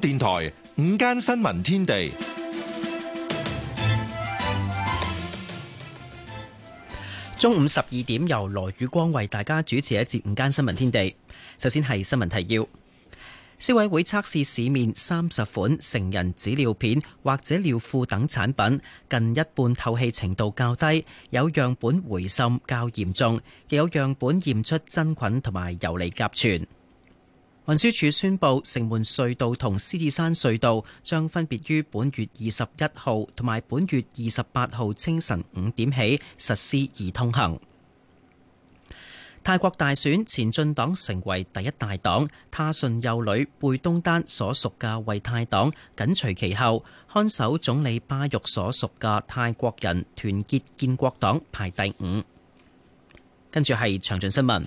電台午間新聞天地，中午十二點由羅宇光為大家主持一節午間新聞天地。首先係新聞提要：消委會測試市面三十款成人紙尿片或者尿褲等產品，近一半透氣程度較低，有樣本回滲較嚴重，亦有樣本驗出真菌同埋游離甲醛。運輸署宣布，城門隧道同獅子山隧道將分別於本月二十一號同埋本月二十八號清晨五點起實施易通行。泰國大選，前進黨成為第一大黨，他信幼女貝東丹所屬嘅為泰黨緊隨其後，看守總理巴育所屬嘅泰國人團結建國黨排第五。跟住係詳盡新聞。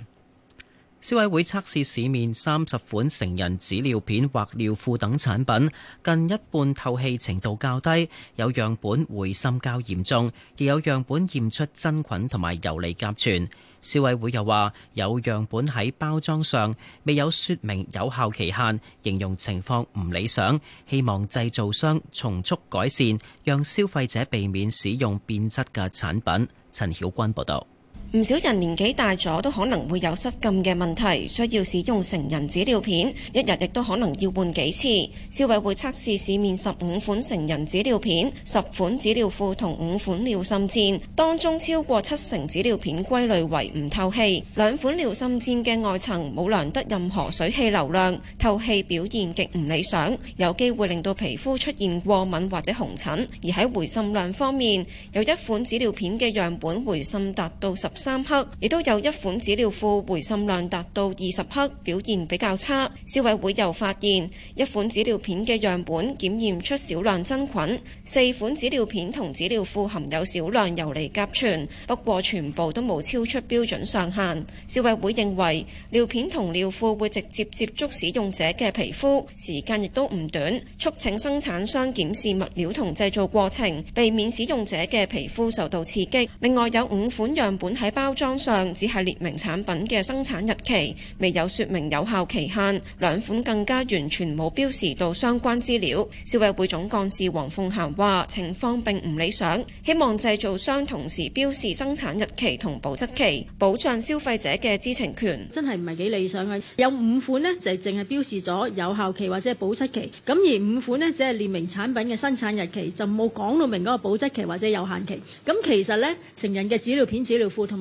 消委會測試市面三十款成人紙尿片或尿褲等產品，近一半透氣程度較低，有樣本回滲較嚴重，亦有樣本驗出真菌同埋游離甲醛。消委會又話，有樣本喺包裝上未有說明有效期限，形容情況唔理想，希望製造商從速改善，讓消費者避免使用變質嘅產品。陳曉君報道。唔少人年紀大咗都可能會有失禁嘅問題，需要使用成人紙尿片，一日亦都可能要換幾次。消委會測試市面十五款成人紙尿片、十款紙尿褲同五款尿心墊，當中超過七成紙尿片歸類為唔透氣，兩款尿心墊嘅外層冇量得任何水氣流量，透氣表現極唔理想，有機會令到皮膚出現過敏或者紅疹。而喺回滲量方面，有一款紙尿片嘅樣本回滲達到十三克，亦都有一款紙尿褲回滲量達到二十克，表現比較差。消委會又發現，一款紙尿片嘅樣本檢驗出少量真菌，四款紙尿片同紙尿褲含有少量游離甲醛，不過全部都冇超出標準上限。消委會認為，尿片同尿褲會直接接觸使用者嘅皮膚，時間亦都唔短，促請生產商檢視物料同製造過程，避免使用者嘅皮膚受到刺激。另外，有五款樣本喺包裝上只係列明產品嘅生產日期，未有說明有效期限。兩款更加完全冇標示到相關資料。消委會總幹事黃鳳嫻話：情況並唔理想，希望製造商同時標示生產日期同保質期，保障消費者嘅知情權。真係唔係幾理想嘅，有五款咧就淨係標示咗有效期或者保質期，咁而五款咧只係列明產品嘅生產日期，就冇講到明嗰個保質期或者有限期。咁其實呢，成人嘅紙尿片、紙尿褲同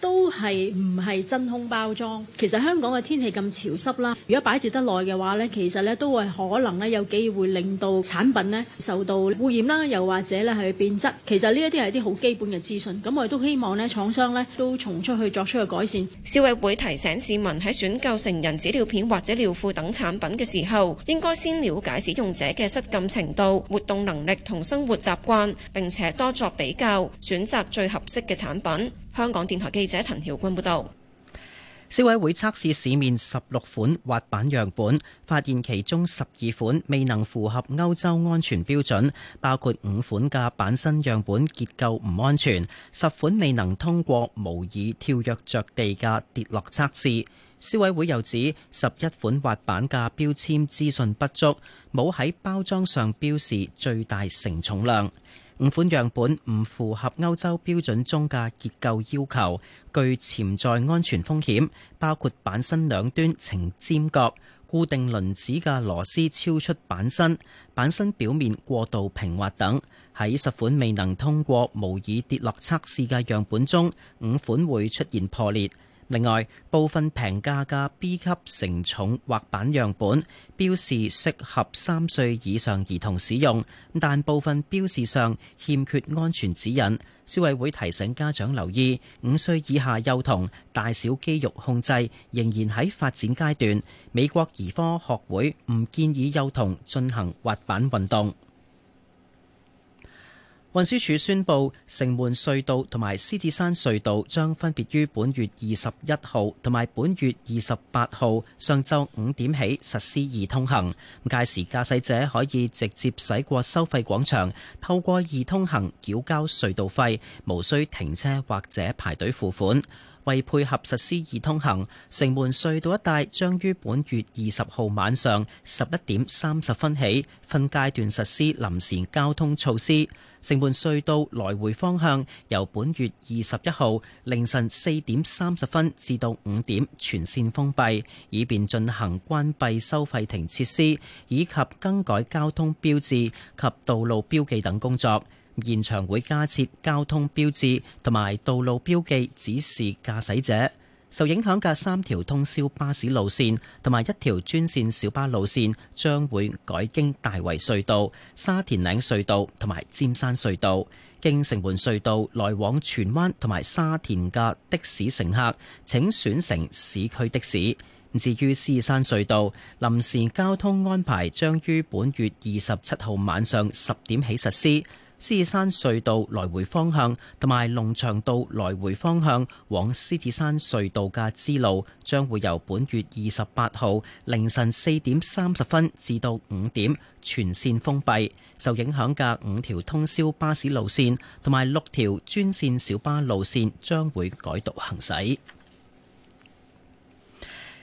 都係唔係真空包裝？其實香港嘅天氣咁潮濕啦。如果擺置得耐嘅話呢，其實呢都會可能呢有機會令到產品呢受到污染啦，又或者呢係變質。其實呢一啲係啲好基本嘅資訊。咁我哋都希望呢廠商呢都從出去作出去改善。消委會提醒市民喺選購成人紙尿片或者尿褲等產品嘅時候，應該先了解使用者嘅失禁程度、活動能力同生活習慣，並且多作比較，選擇最合適嘅產品。香港電台記者陳曉君報道，消委會測試市面十六款滑板樣本，發現其中十二款未能符合歐洲安全標準，包括五款嘅板身樣本結構唔安全，十款未能通過模擬跳躍着地嘅跌落測試。消委會又指，十一款滑板嘅標籤資訊不足，冇喺包裝上標示最大承重量。五款樣本唔符合歐洲標準中嘅結構要求，具潛在安全風險，包括板身兩端呈尖角、固定輪子嘅螺絲超出板身、板身表面過度平滑等。喺十款未能通過模擬跌落測試嘅樣本中，五款會出現破裂。另外，部分平價嘅 B 級承重滑板樣本標示適合三歲以上兒童使用，但部分標示上欠缺安全指引，消委會提醒家長留意五歲以下幼童大小肌肉控制仍然喺發展階段，美國兒科學會唔建議幼童進行滑板運動。運輸署宣布，城門隧道同埋獅子山隧道將分別於本月二十一號同埋本月二十八號上晝五點起實施易通行。屆時駕駛者可以直接駛過收費廣場，透過易通行繳交隧道費，無需停車或者排隊付款。為配合實施易通行，城門隧道一帶將於本月二十號晚上十一點三十分起分階段實施臨時交通措施。城門隧道來回方向由本月二十一號凌晨四點三十分至到五點全線封閉，以便進行關閉收費亭設施以及更改交通標誌及道路標記等工作。現場會加設交通標誌同埋道路標記，指示駕駛者受影響嘅三條通宵巴士路線同埋一條專線小巴路線，將會改經大圍隧道、沙田嶺隧道同埋尖山隧道，經城門隧道來往荃灣同埋沙田嘅的的士乘客請選乘市區的士。至於獅山隧道臨時交通安排，將於本月二十七號晚上十點起實施。獅子山隧道來回方向同埋龍翔道來回方向往獅子山隧道嘅支路，將會由本月二十八號凌晨四點三十分至到五點全線封閉。受影響嘅五條通宵巴士路線同埋六條專線小巴路線將會改道行駛。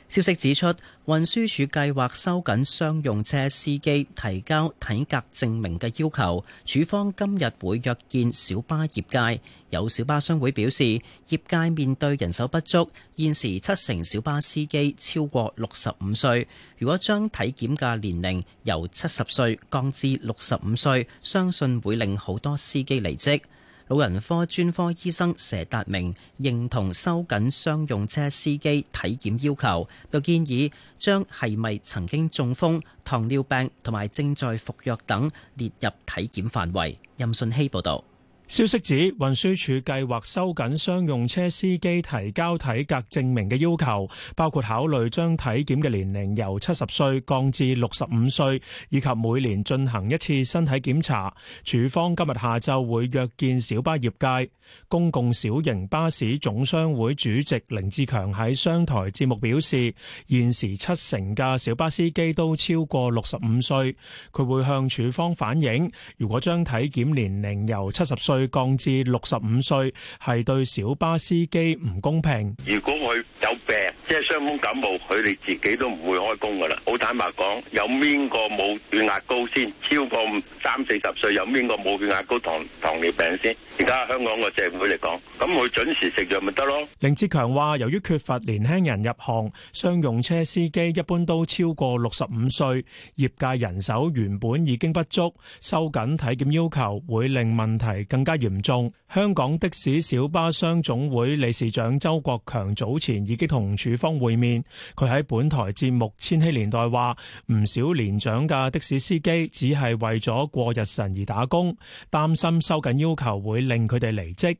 消息指出，運輸署計劃收緊商用車司機提交體格證明嘅要求。署方今日會約見小巴業界，有小巴商會表示，業界面對人手不足，現時七成小巴司機超過六十五歲。如果將體檢嘅年齡由七十歲降至六十五歲，相信會令好多司機離職。老人科專科醫生佘達明認同收緊商用車司機體檢要求，又建議將係咪曾經中風、糖尿病同埋正在服藥等列入體檢範圍。任信希報導。消息指運輸署計劃收緊商用車司機提交體格證明嘅要求，包括考慮將體檢嘅年齡由七十歲降至六十五歲，以及每年進行一次身體檢查。署方今日下晝會約見小巴業界，公共小型巴士總商會主席凌志強喺商台節目表示，現時七成嘅小巴司機都超過六十五歲，佢會向署方反映，如果將體檢年齡由七十歲降至六十五歲係對小巴司機唔公平。如果佢有病，即係傷風感冒，佢哋自己都唔會開工噶啦。好坦白講，有邊個冇血壓高先？超過三四十歲有邊個冇血壓高？糖糖尿病先？而家香港嘅社會嚟講，咁佢準時食藥咪得咯？凌志強話：由於缺乏年輕人入行，商用車司機一般都超過六十五歲，業界人手原本已經不足，收緊體檢要求會令問題更。更加嚴重，香港的士小巴商總會理事長周國強早前已經同處方會面。佢喺本台節目《千禧年代》話，唔少年長嘅的、的士司機只係為咗過日辰而打工，擔心收緊要求會令佢哋離職。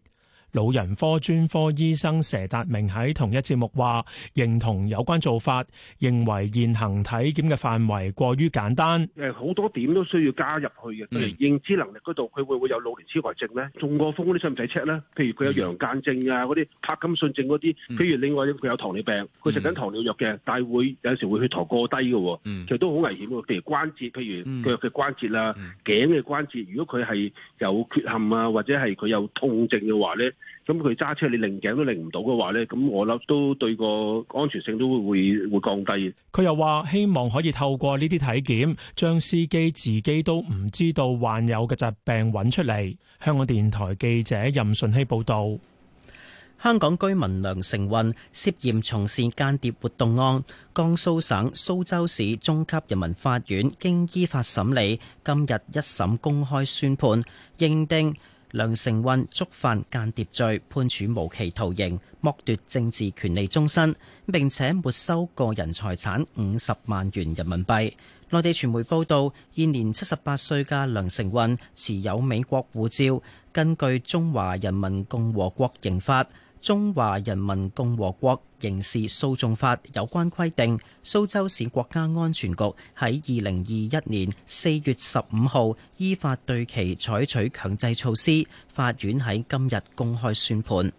老人科專科醫生佘達明喺同一節目話認同有關做法，認為現行體檢嘅範圍過於簡單，誒好多點都需要加入去嘅，譬如認知能力嗰度，佢會唔會有老年痴呆症咧，中過風嗰啲使唔使 check 咧？譬如佢有羊癇症啊，嗰啲帕金遜症嗰啲，譬如另外佢有糖尿病，佢食緊糖尿病藥嘅，但係會有時會血糖過低嘅，其實都好危險嘅。譬如關節，譬如腳嘅關節啊，頸嘅關節，如果佢係有缺陷啊，或者係佢有痛症嘅話咧。咁佢揸車，你擰頸都擰唔到嘅話呢咁我諗都對個安全性都會會降低。佢又話希望可以透過呢啲體檢，將司機自己都唔知道患有嘅疾病揾出嚟。香港電台記者任順熙報道：香港居民梁成運涉嫌從事間諜活動案，江蘇省蘇州市中級人民法院經依法審理，今日一審公開宣判，認定。梁成運觸犯間諜罪，判處無期徒刑，剝奪政治權利終身，並且沒收個人財產五十萬元人民幣。內地傳媒報道，現年七十八歲嘅梁成運持有美國護照，根據中華人民共和國刑法。《中華人民共和國刑事訴訟法》有關規定，蘇州市國家安全局喺二零二一年四月十五號依法對其採取強制措施，法院喺今日公開宣判。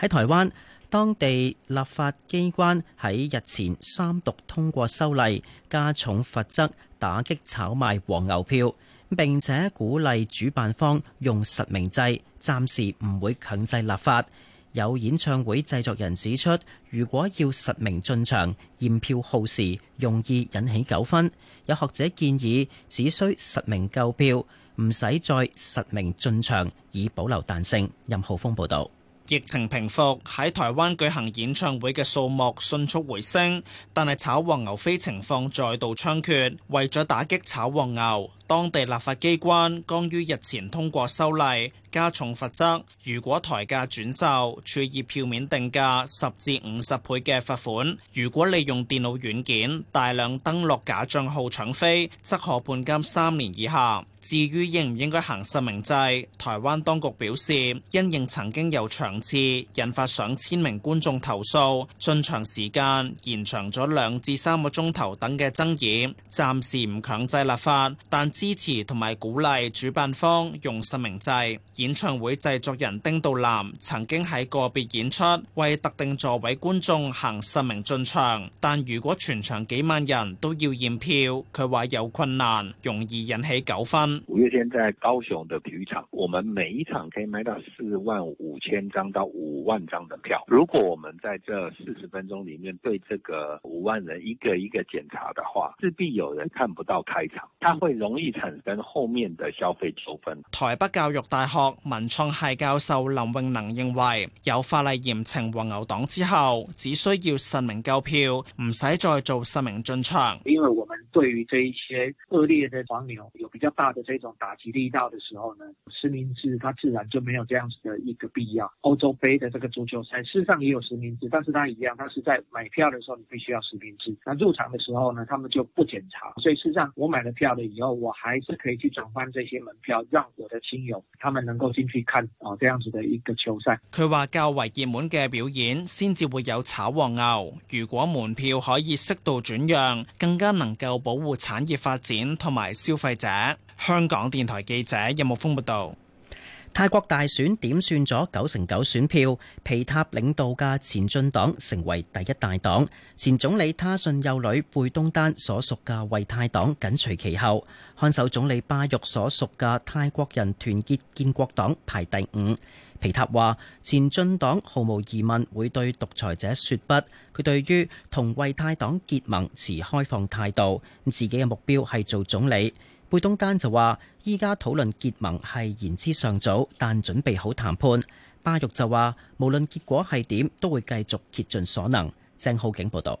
喺台灣，當地立法機關喺日前三讀通過修例，加重罰則，打擊炒賣黃牛票。並且鼓勵主辦方用實名制，暫時唔會強制立法。有演唱會製作人指出，如果要實名進場驗票耗時，容易引起糾紛。有學者建議，只需實名購票，唔使再實名進場，以保留彈性。任浩峰報導。疫情平復，喺台灣舉行演唱會嘅數目迅速回升，但係炒黃牛飛情況再度猖獗。為咗打擊炒黃牛，當地立法機關剛於日前通過修例，加重罰則。如果抬價轉售，處以票面定價十至五十倍嘅罰款；如果利用電腦軟件大量登錄假帳號搶飛，則可判監三年以下。至於應唔應該行實名制，台灣當局表示，因應曾經有場次引發上千名觀眾投訴，進場時間延長咗兩至三個鐘頭等嘅爭議，暫時唔強制立法，但支持同埋鼓勵主辦方用實名制。演唱會製作人丁道南曾經喺個別演出為特定座位觀眾行實名進場，但如果全場幾萬人都要驗票，佢話有困難，容易引起糾紛。五月天在高雄的體育場，我們每場可以賣到四萬五千張到五萬張的票。如果我們在這四十分鐘裡面對這個五萬人一個一個檢查的話，勢必有人看不到開場，它會容易產生後面的消費糾紛。台北教育大學。文創係教授林永能認為，有法例嚴懲黃牛黨之後，只需要實名購票，唔使再做實名進場。因為我們對於這一些惡劣的黃牛有比較大的這種打擊力道的時候呢，實名制它自然就沒有這樣子的一個必要。歐洲杯的這個足球賽，事實上也有實名制，但是它一樣，它是在買票的時候你必須要實名制。那入場的時候呢，他們就不檢查，所以事實上我買了票了以後，我還是可以去轉換這些門票，讓我的親友他們呢。能夠先去看哦，這樣子的一個球賽。佢話較為熱門嘅表演先至會有炒黃牛，如果門票可以適度轉讓，更加能夠保護產業發展同埋消費者。香港電台記者任木峰報道。泰國大選點算咗九成九選票，皮塔領導嘅前進黨成為第一大黨，前總理他信幼女貝東丹所屬嘅惠泰黨緊隨其後，看守總理巴育所屬嘅泰國人團結建國黨排第五。皮塔話：前進黨毫無疑問會對獨裁者說不，佢對於同惠泰黨結盟持開放態度，自己嘅目標係做總理。貝東丹就話：依家討論結盟係言之尚早，但準備好談判。巴育就話：無論結果係點，都會繼續竭盡所能。鄭浩景報道。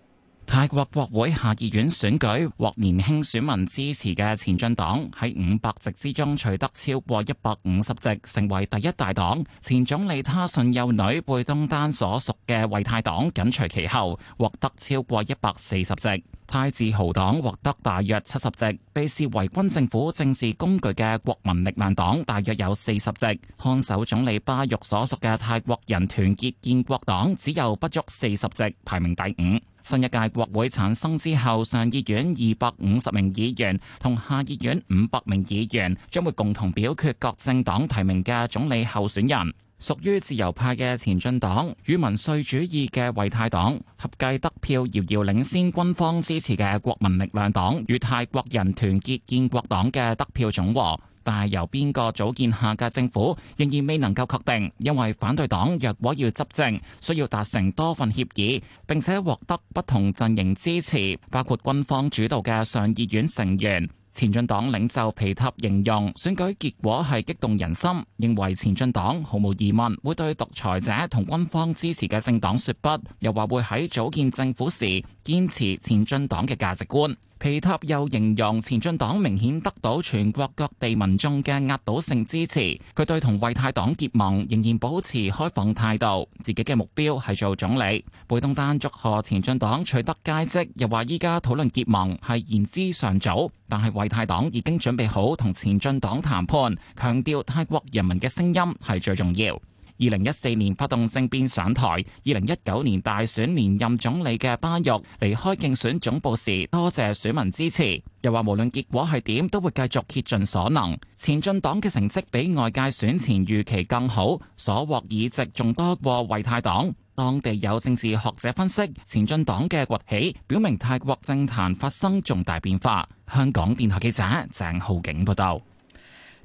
泰國國會下議院選舉獲年輕選民支持嘅前進黨喺五百席之中取得超過一百五十席，成為第一大黨。前總理他信幼女貝東丹所屬嘅為泰黨緊隨其後，獲得超過一百四十席。泰自豪黨獲得大約七十席，被視為軍政府政治工具嘅國民力量黨大約有四十席。看守總理巴育所屬嘅泰國人團結建國黨只有不足四十席，排名第五。新一屆國會產生之後，上議院二百五十名議員同下議院五百名議員將會共同表決各政黨提名嘅總理候選人。屬於自由派嘅前進黨與民粹主義嘅為泰黨合計得票遙遙領先軍方支持嘅國民力量黨與泰國人團結建國黨嘅得票總和。但係由邊個組建下屆政府，仍然未能夠確定，因為反對黨若果要執政，需要達成多份協議，並且獲得不同陣營支持，包括軍方主導嘅上議院成員。前進黨領袖皮塔形容選舉結果係激動人心，認為前進黨毫無疑問會對獨裁者同軍方支持嘅政黨說不，又話會喺組建政府時堅持前進黨嘅價值觀。皮塔又形容前進黨明顯得到全國各地民眾嘅壓倒性支持，佢對同惠泰黨結盟仍然保持開放態度，自己嘅目標係做總理。貝東丹祝賀前進黨取得佳績，又話依家討論結盟係言之尚早，但係惠泰黨已經準備好同前進黨談判，強調泰國人民嘅聲音係最重要。二零一四年發動政變上台，二零一九年大選連任總理嘅巴育離開競選總部時，多謝選民支持，又話無論結果係點，都會繼續竭盡所能。前進黨嘅成績比外界選前預期更好，所獲議席仲多過為泰黨。當地有政治學者分析，前進黨嘅崛起表明泰國政壇發生重大變化。香港電台記者鄭浩景報道。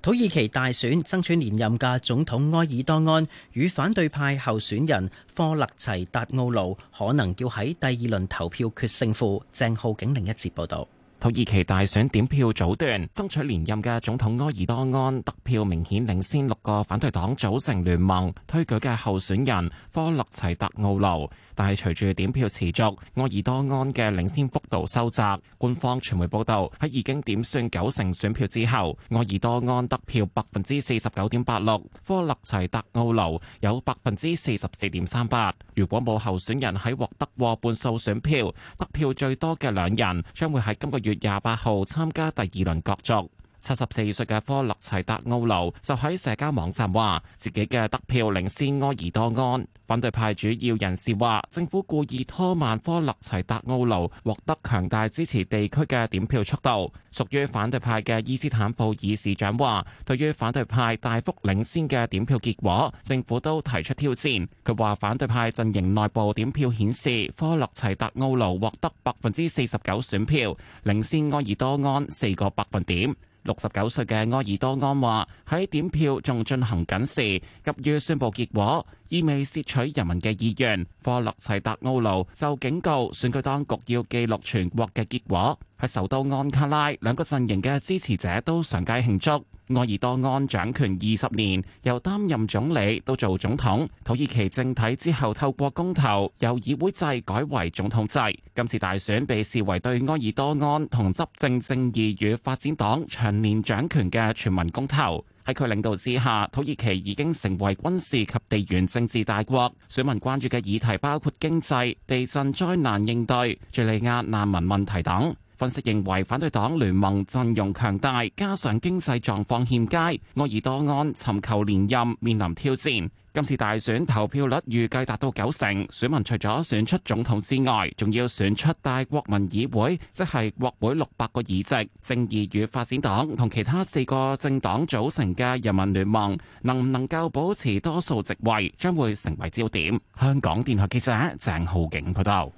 土耳其大選，爭取連任嘅總統埃爾多安與反對派候選人科勒齊達奧魯可能要喺第二輪投票決勝負，鄭浩景另一節報道。土耳其大選點票早段，爭取連任嘅總統埃爾多安得票明顯領先六個反對黨組成聯盟推舉嘅候選人科勒齊特奧勞。但係隨住點票持續，埃爾多安嘅領先幅度收窄。官方傳媒報道，喺已經點算九成選票之後，埃爾多安得票百分之四十九點八六，科勒齊特奧勞有百分之四十四點三八。如果冇候選人喺獲得過半數選票，得票最多嘅兩人將會喺今個月。月廿八號參加第二輪角逐，七十四歲嘅科洛齊達奧流就喺社交網站話自己嘅得票領先埃爾多安。反對派主要人士話，政府故意拖慢科勒齊達奧盧獲得強大支持地區嘅點票速度，屬於反對派嘅伊斯坦布爾市長話，對於反對派大幅領先嘅點票結果，政府都提出挑戰。佢話反對派陣營內部點票顯示，科勒齊達奧盧獲得百分之四十九選票，領先埃爾多安四個百分點。六十九歲嘅埃爾多安話喺點票仲進行緊時，急於宣布結果，意味竊取人民嘅意願。科洛齊達奧盧就警告選舉當局要記錄全國嘅結果。喺首都安卡拉兩個陣營嘅支持者都上街慶祝。埃爾多安掌權二十年，由擔任總理到做總統。土耳其政體之後透過公投，由議會制改為總統制。今次大選被視為對埃爾多安同執政正義與發展黨長年掌權嘅全民公投。喺佢領導之下，土耳其已經成為軍事及地緣政治大國。選民關注嘅議題包括經濟、地震災難應對、敘利亞難民問題等。分析認為，反對黨聯盟陣容強大，加上經濟狀況欠佳，埃爾多安尋求連任面臨挑戰。今次大選投票率預計達到九成，選民除咗選出總統之外，仲要選出大國民議會，即係國會六百個議席。正義與發展黨同其他四個政黨組成嘅人民聯盟，能唔能夠保持多數席位，將會成為焦點。香港電台記者鄭浩景報道。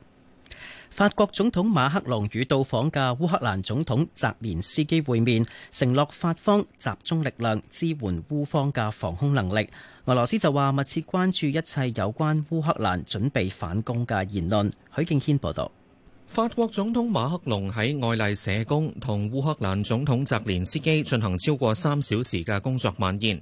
法國總統馬克龍與到訪嘅烏克蘭總統澤連斯基會面，承諾法方集中力量支援烏方嘅防空能力。俄羅斯就話密切關注一切有關烏克蘭準備反攻嘅言論。許敬軒報道。法國總統馬克龍喺愛麗舍宮同烏克蘭總統澤連斯基進行超過三小時嘅工作晚宴。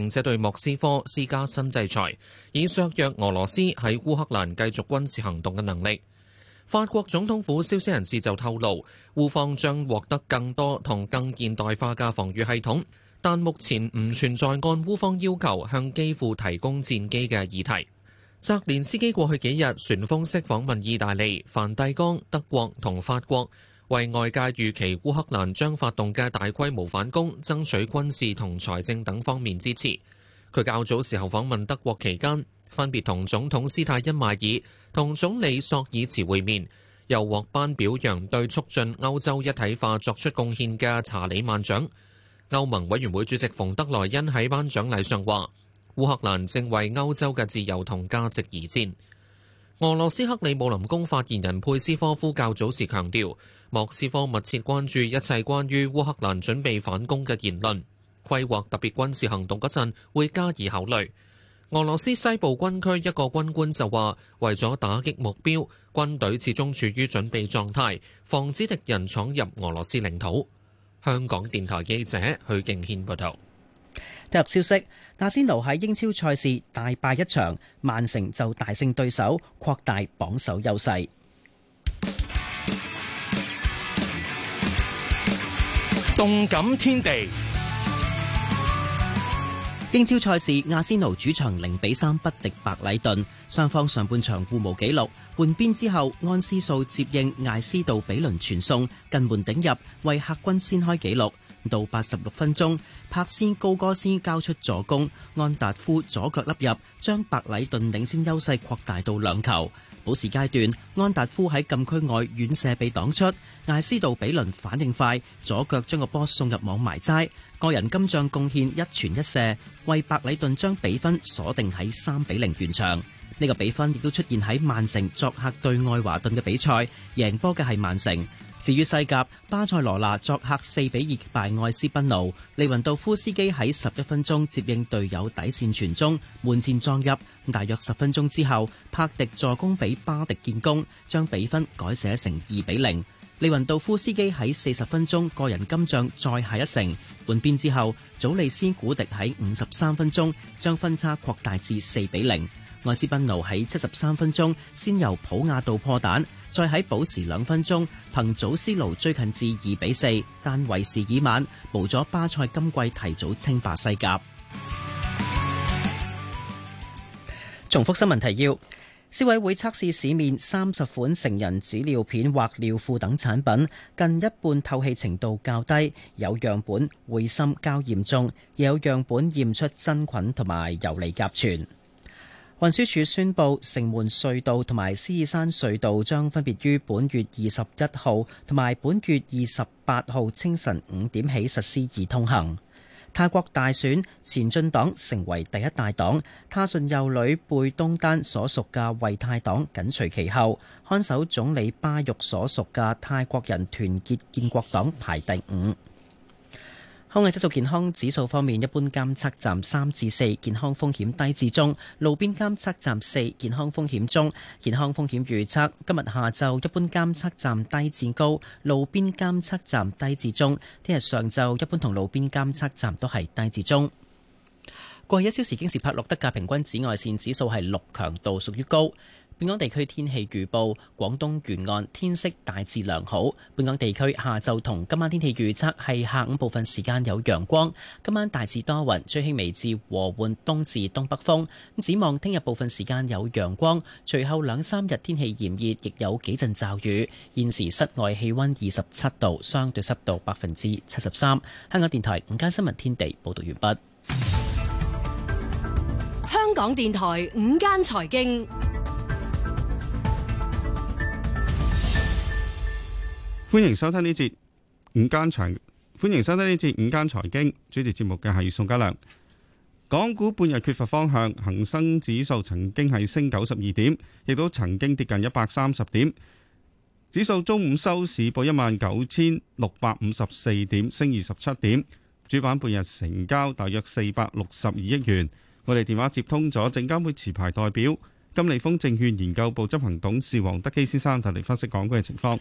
並且對莫斯科施加新制裁，以削弱俄羅斯喺烏克蘭繼續軍事行動嘅能力。法國總統府消息人士就透露，烏方將獲得更多同更現代化嘅防禦系統，但目前唔存在按烏方要求向基輔提供戰機嘅議題。澤連斯基過去幾日旋風式訪問意大利、梵蒂岡、德國同法國。為外界預期烏克蘭將發動嘅大規模反攻，爭取軍事同財政等方面支持。佢較早時候訪問德國期間，分別同總統施泰因邁爾同總理索爾茨會面，又獲頒表揚對促進歐洲一體化作出貢獻嘅查理曼獎。歐盟委員會主席馮德萊恩喺頒獎禮上話，烏克蘭正為歐洲嘅自由同價值而戰。俄羅斯克里姆林宮發言人佩斯科夫較早時強調，莫斯科密切關注一切關於烏克蘭準備反攻嘅言論，規劃特別軍事行動嗰陣會加以考慮。俄羅斯西部軍區一個軍官就話：為咗打擊目標，軍隊始終處於準備狀態，防止敵人闖入俄羅斯領土。香港電台記者許敬軒報道。體育消息：阿仙奴喺英超賽事大敗一場，曼城就大勝對手，擴大榜首優勢。動感天地英超賽事，阿仙奴主場零比三不敵白禮頓，雙方上半場互無紀錄。換邊之後，安斯數接應艾斯道比輪傳送近門頂入，為客軍先開紀錄。到八十六分鐘，帕斯高哥斯交出助攻，安達夫左腳粒入，將白禮頓領先優勢擴大到兩球。補時階段，安達夫喺禁區外遠射被擋出，艾斯道比倫反應快，左腳將個波送入網埋齋，個人金像貢獻一傳一射，為白禮頓將比分鎖定喺三比零完場。呢個比分亦都出現喺曼城作客對愛華頓嘅比賽，贏波嘅係曼城。至於西甲，巴塞羅那作客四比二擊敗愛斯賓奴，利雲道夫斯基喺十一分鐘接應隊友底線傳中，門前撞入。大約十分鐘之後，帕迪助攻俾巴迪建功，將比分改寫成二比零。利雲道夫斯基喺四十分鐘個人今仗再下一城。換邊之後，祖利斯古迪喺五十三分鐘將分差擴大至四比零。愛斯賓奴喺七十三分鐘先由普亞道破蛋。再喺補時兩分鐘，憑祖斯奴追近至二比四，但為時已晚，無咗巴塞今季提早清白西甲。重複新聞提要：消委會測試市面三十款成人紙尿片或尿褲等產品，近一半透氣程度較低，有樣本回滲較嚴重，又有樣本驗出真菌同埋游離甲醛。運輸署宣布，城門隧道同埋獅子山隧道將分別於本月二十一號同埋本月二十八號清晨五點起實施易通行。泰國大選，前進黨成為第一大黨，他信幼女貝東丹所屬嘅為泰黨緊隨其後，看守總理巴育所屬嘅泰國人團結建國黨排第五。空氣質素健康指數方面，一般監測站三至四，健康風險低至中；路邊監測站四，健康風險中。健康風險預測：今日下晝一般監測站低至高，路邊監測站低至中；聽日上晝一般同路邊監測站都係低至中。過去一小時京士柏錄得嘅平均紫外線指數係六，強度屬於高。本港地區天氣預報：廣東沿岸天色大致良好。本港地區下晝同今晚天氣預測係下午部分時間有陽光，今晚大致多雲，吹輕微至和緩東至東北風。咁展望聽日部分時間有陽光，隨後兩三日天氣炎熱，亦有幾陣驟雨。現時室外氣溫二十七度，相對濕度百分之七十三。香港電台午間新聞天地報道完畢。香港電台午間財經。歡迎收聽呢節午間財。歡迎收聽呢節午間財經，主持節，節目嘅係宋家良。港股半日缺乏方向，恒生指數曾經係升九十二點，亦都曾經跌近一百三十點。指數中午收市報一萬九千六百五十四點，升二十七點。主板半日成交大約四百六十二億元。我哋電話接通咗證監會持牌代表金利豐證券研究部執行董事黃德基先生，帶嚟分析港股嘅情況。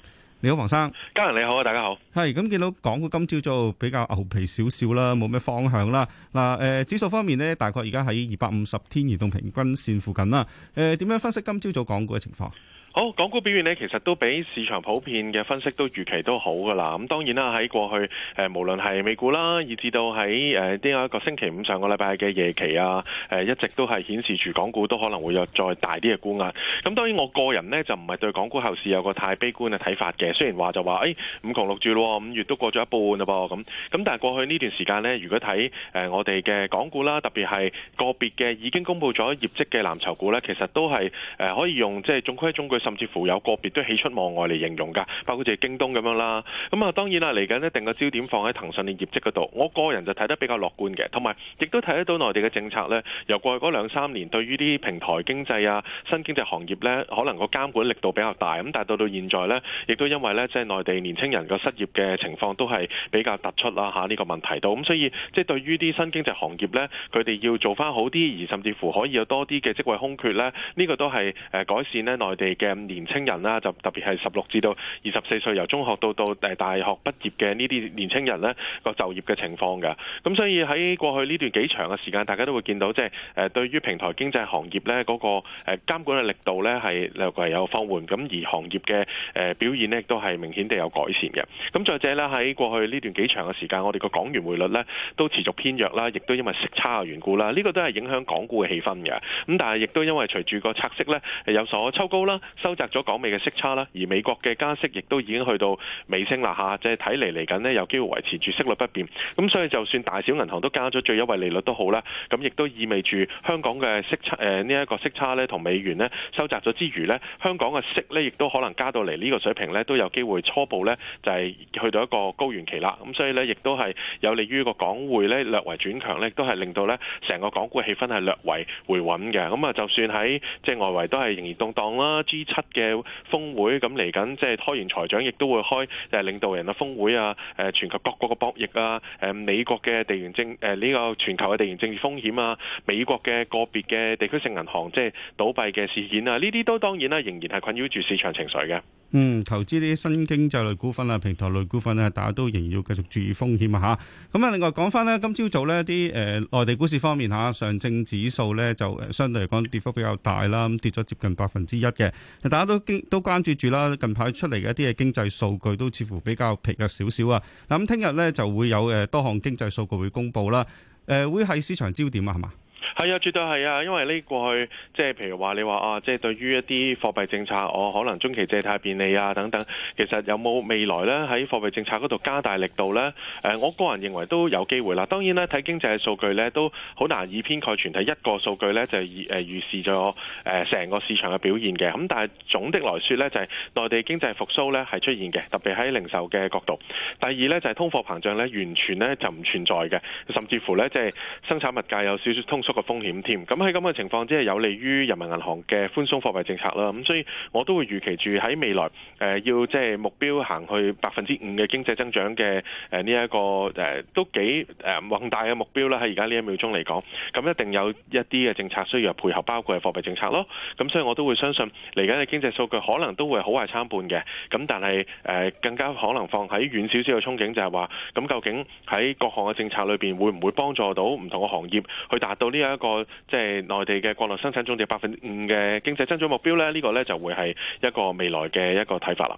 你好，黃生，家人。你好啊，大家好。係，咁見到港股今朝早，早比較牛皮少少啦，冇咩方向啦。嗱，誒，指數方面呢，大概而家喺二百五十天移動平均線附近啦。誒、呃，點樣分析今朝早，早港股嘅情況？好，港股表現呢，其實都比市場普遍嘅分析都預期都好㗎喇。咁當然啦，喺過去誒，無論係美股啦，以至到喺誒呢一個星期五上個禮拜嘅夜期啊，誒一直都係顯示住港股都可能會有再大啲嘅沽壓。咁當然，我個人呢，就唔係對港股後市有個太悲觀嘅睇法嘅。雖然話就話誒、哎、五窮六住咯，五月都過咗一半啦噃，咁。咁但係過去呢段時間呢，如果睇誒我哋嘅港股啦，特別係個別嘅已經公布咗業績嘅藍籌股呢，其實都係誒可以用即係中規中矩。甚至乎有個別都喜出望外嚟形容噶，包括就係京東咁樣啦。咁啊，當然啦，嚟緊一定個焦點放喺騰訊嘅業績嗰度。我個人就睇得比較樂觀嘅，同埋亦都睇得到內地嘅政策咧。由過去嗰兩三年，對於啲平台經濟啊、新經濟行業咧，可能個監管力度比較大。咁但係到到現在咧，亦都因為咧，即係內地年輕人個失業嘅情況都係比較突出啦吓呢個問題度。咁所以即係、就是、對於啲新經濟行業咧，佢哋要做翻好啲，而甚至乎可以有多啲嘅職位空缺咧，呢、這個都係誒改善咧內地嘅。年青人啦，就特別係十六至到二十四歲，由中學到到誒大學畢業嘅呢啲年青人呢個就業嘅情況嘅。咁所以喺過去呢段幾長嘅時間，大家都會見到即係誒對於平台經濟行業呢嗰個誒監管嘅力度呢係略為有放緩，咁而行業嘅誒表現呢，亦都係明顯地有改善嘅。咁再者呢喺過去呢段幾長嘅時間，我哋個港元匯率呢都持續偏弱啦，亦都因為息差嘅緣故啦，呢個都係影響港股嘅氣氛嘅。咁但係亦都因為隨住個拆息呢有所抽高啦。收窄咗港美嘅息差啦，而美國嘅加息亦都已經去到尾聲啦吓，即係睇嚟嚟緊咧有機會維持住息率不變，咁所以就算大小銀行都加咗最優惠利率都好啦，咁亦都意味住香港嘅息差誒呢一個息差咧同美元咧收窄咗之餘咧，香港嘅息咧亦都可能加到嚟呢個水平咧都有機會初步咧就係去到一個高原期啦。咁所以咧亦都係有利於個港匯咧略為轉強咧，都係令到咧成個港股嘅氣氛係略為回穩嘅。咁啊，就算喺即係外圍都係仍然動盪啦七嘅峰會，咁嚟緊，即係開完財長亦都會開領導人嘅峰會啊！誒，全球各國嘅博弈啊！誒，美國嘅地緣政誒，呢、呃、個全球嘅地緣政治風險啊！美國嘅個別嘅地區性銀行即係、就是、倒閉嘅事件啊！呢啲都當然啦，仍然係困擾住市場情緒嘅。嗯，投資啲新經濟類股份啦、平台類股份咧，大家都仍然要繼續注意風險啊！嚇，咁啊，另外講翻咧，今朝早，早呢啲誒內地股市方面嚇、啊，上證指數呢就誒相對嚟講跌幅比較大啦，咁跌咗接近百分之一嘅。大家都經都關注住啦，近排出嚟嘅一啲嘅經濟數據都似乎比較疲弱少少啊。咁聽日呢就會有誒多項經濟數據會公布啦，誒、啊、會喺市場焦點啊，係嘛？係啊，絕對係啊，因為呢過去即係譬如話你話啊，即係對於一啲貨幣政策，我可能中期借貸便利啊等等，其實有冇未來呢？喺貨幣政策嗰度加大力度呢？誒，我個人認為都有機會啦。當然啦，睇經濟數據呢，都好難以偏概全，睇一個數據呢，就係誒預示咗誒成個市場嘅表現嘅。咁但係總的來說呢，就係內地經濟復甦呢係出現嘅，特別喺零售嘅角度。第二呢，就係通貨膨脹呢，完全呢就唔存在嘅，甚至乎呢，即係生產物價有少少通縮。個風險添，咁喺咁嘅情況，即係有利於人民銀行嘅寬鬆貨幣政策啦。咁所以，我都會預期住喺未來，誒、呃、要即係目標行去百分之五嘅經濟增長嘅誒呢一個誒都幾誒宏大嘅目標啦。喺而家呢一秒鐘嚟講，咁一定有一啲嘅政策需要配合，包括係貨幣政策咯。咁所以我都會相信，嚟緊嘅經濟數據可能都會好壞參半嘅。咁但係誒、呃、更加可能放喺遠少少嘅憧憬就，就係話，咁究竟喺各項嘅政策裏邊，會唔會幫助到唔同嘅行業去達到呢、這個？一個即係內地嘅國內生產總值百分五嘅經濟增長目標咧，這個、呢個咧就會係一個未來嘅一個睇法啦。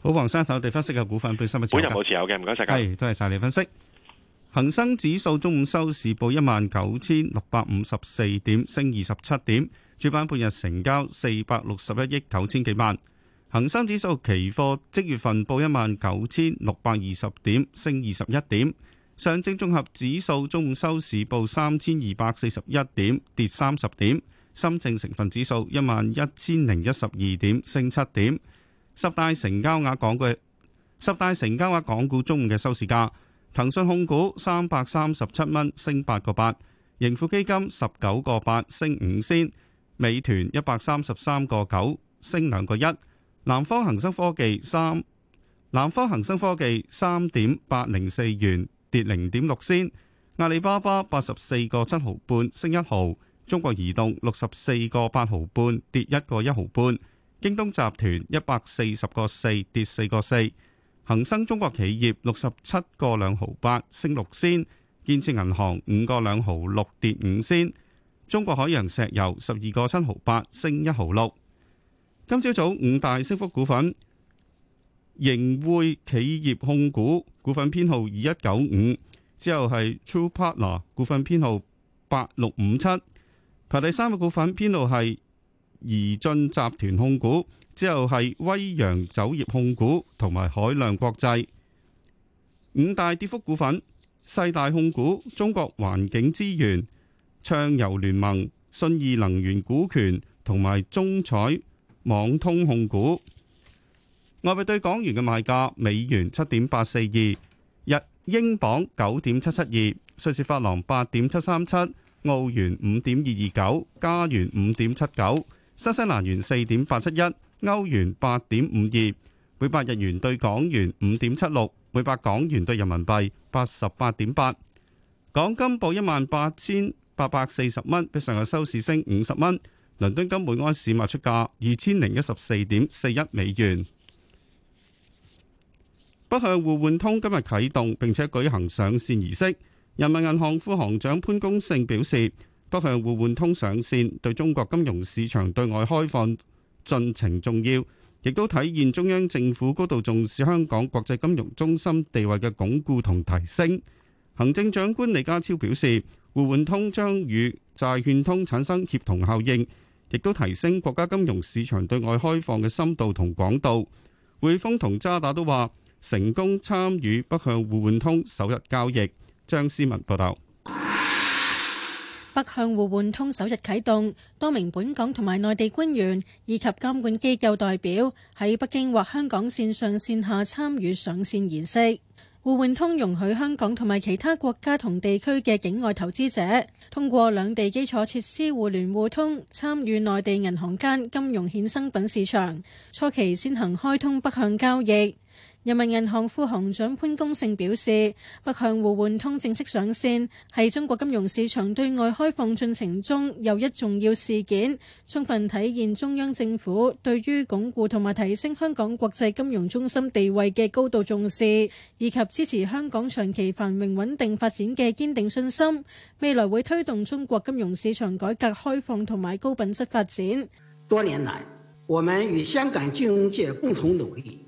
好，黃生，我哋分析嘅股份，本人冇持有嘅，唔該晒。係，多謝晒你分析。恒生指數中午收市報一萬九千六百五十四點，升二十七點。主板半日成交四百六十一億九千幾萬。恒生指數期貨即月份報一萬九千六百二十點，升二十一點。上證綜合指數中午收市報三千二百四十一點，跌三十點。深證成分指數一萬一千零一十二點，升七點。十大成交額港股，十大成交額港股中午嘅收市價，騰訊控股三百三十七蚊，升八個八；盈富基金十九個八，升五仙；美團一百三十三個九，升兩個一；南方恒生科技三，南方恒生科技三點八零四元。跌零點六仙，阿里巴巴八十四個七毫半，升一毫；中國移動六十四個八毫半，跌一個一毫半；京東集團一百四十個四，跌四個四；恒生中國企業六十七個兩毫八，升六仙；建設銀行五個兩毫六，跌五仙；中國海洋石油十二個七毫八，升一毫六。今朝早五大升幅股份，盈匯企業控股。股份編號二一九五，之後係 True Partner 股份編號八六五七，排第三嘅股份編號係宜駿集團控股，之後係威揚酒業控股同埋海亮國際。五大跌幅股份：世大控股、中國環境資源、暢遊聯盟、信義能源股權同埋中彩網通控股。外幣對港元嘅賣價：美元七點八四二，日英鎊九點七七二，瑞士法郎八點七三七，澳元五點二二九，加元五點七九，新西蘭元四點八七一，歐元八點五二。每百日元對港元五點七六，每百港元對人民幣八十八點八。港金報一萬八千八百四十蚊，比上日收市升五十蚊。倫敦金每安士賣出價二千零一十四點四一美元。北向互換通今日啟動並且舉行上線儀式。人民銀行副行長潘功勝表示，北向互換通上線對中國金融市場對外開放進程重要，亦都體現中央政府高度重視香港國際金融中心地位嘅鞏固同提升。行政長官李家超表示，互換通將與債券通產生協同效應，亦都提升國家金融市場對外開放嘅深度同廣度。匯豐同渣打都話成功參與北向互換通首日交易。張思文報道：北向互換通首日啟動，多名本港同埋內地官員以及監管機構代表喺北京或香港線上線下參與上線儀式。互換通容許香港同埋其他國家同地區嘅境外投資者通過兩地基礎設施互聯互通參與內地銀行間金融衍生品市場。初期先行開通北向交易。人民銀行副行長潘功勝表示，北向互換通正式上線，係中國金融市場對外開放進程中又一重要事件，充分體現中央政府對於鞏固同埋提升香港國際金融中心地位嘅高度重視，以及支持香港長期繁榮穩定發展嘅堅定信心。未來會推動中國金融市場改革開放同埋高品質發展。多年來，我們與香港金融界共同努力。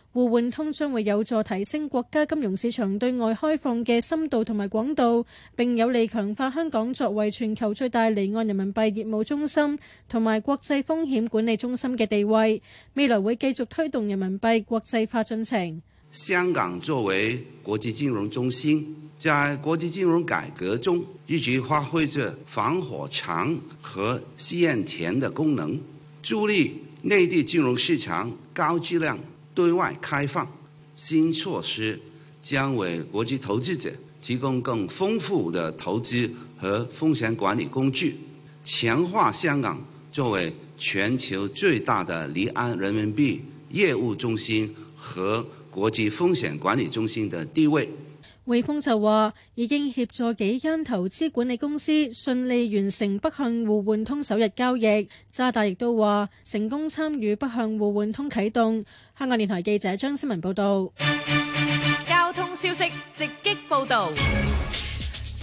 互換通將會有助提升國家金融市場對外開放嘅深度同埋廣度，並有利強化香港作為全球最大離岸人民幣業務中心同埋國際風險管理中心嘅地位。未來會繼續推動人民幣國際化進程。香港作為國際金融中心，在國際金融改革中一直發揮着防火牆和試驗田的功能，助力內地金融市場高質量。對外開放新措施將為國際投資者提供更豐富的投資和風險管理工具，強化香港作為全球最大的離岸人民幣業務中心和國際風險管理中心的地位。匯豐就話已經協助幾間投資管理公司順利完成北向互換通首日交易，渣打亦都話成功參與北向互換通啟動。香港電台記者張思文報道。交通消息直擊報道。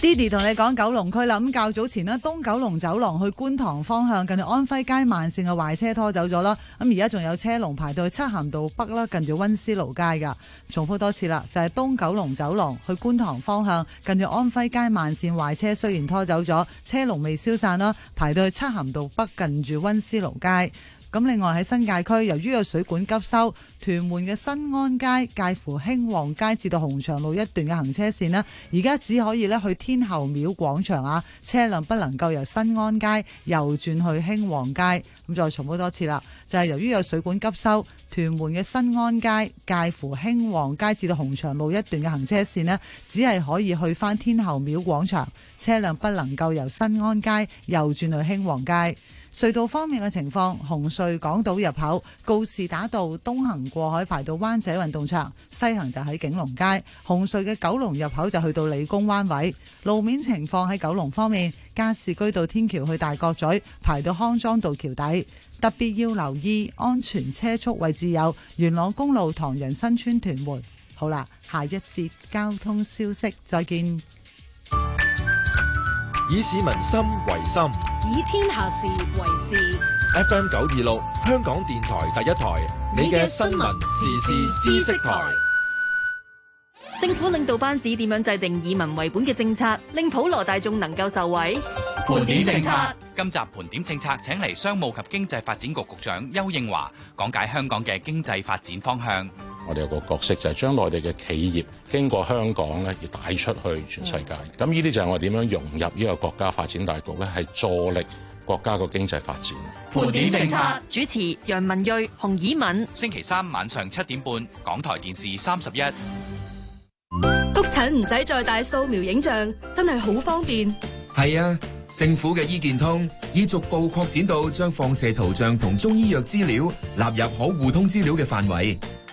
Daddy 同你講九龍區啦，咁較早前咧東九龍走廊去觀塘方向近住安徽街慢線嘅壞車拖走咗啦，咁而家仲有車龍排到去漆咸道北啦，近住温思勞街噶。重複多次啦，就係、是、東九龍走廊去觀塘方向近住安徽街慢線壞車雖然拖走咗，車龍未消散啦，排到去漆咸道北近住温思勞街。咁另外喺新界區，由於有水管急修，屯門嘅新安街介乎興旺街至到洪祥路一段嘅行車線咧，而家只可以咧去天后廟廣場啊，車輛不能夠由新安街右轉去興旺街。咁再重複多次啦，就係由於有水管急修，屯門嘅新安街介乎興旺街至到洪祥路一段嘅行車線咧，只係可以去返天后廟廣場，車輛不能夠由新安街右轉去興旺街。隧道方面嘅情況，紅隧港島入口告士打道東行過海排到灣仔運動場，西行就喺景隆街。紅隧嘅九龍入口就去到理工灣位。路面情況喺九龍方面，加士居道天橋去大角咀排到康莊道橋底。特別要留意安全車速位置有元朗公路唐人新村屯門。好啦，下一節交通消息，再見。以市民心為心。以天下事為事。FM 九二六，香港電台第一台，你嘅新聞時事知識台。政府領導班子點樣制定以民為本嘅政策，令普羅大眾能夠受惠？盤點政策。今集盤點政策，請嚟商務及經濟發展局局長邱應華講解香港嘅經濟發展方向。我哋有個角色就係將內地嘅企業經過香港咧，而帶出去全世界。咁呢啲就係我哋點樣融入呢個國家發展大局咧，係助力國家個經濟發展。盤點政策主持楊文睿、洪倚敏，星期三晚上七點半，港台電視三十一。篤診唔使再帶掃描影像，真係好方便。係啊，政府嘅醫健通已逐步擴展到將放射圖像同中醫藥資料納入可互通資料嘅範圍。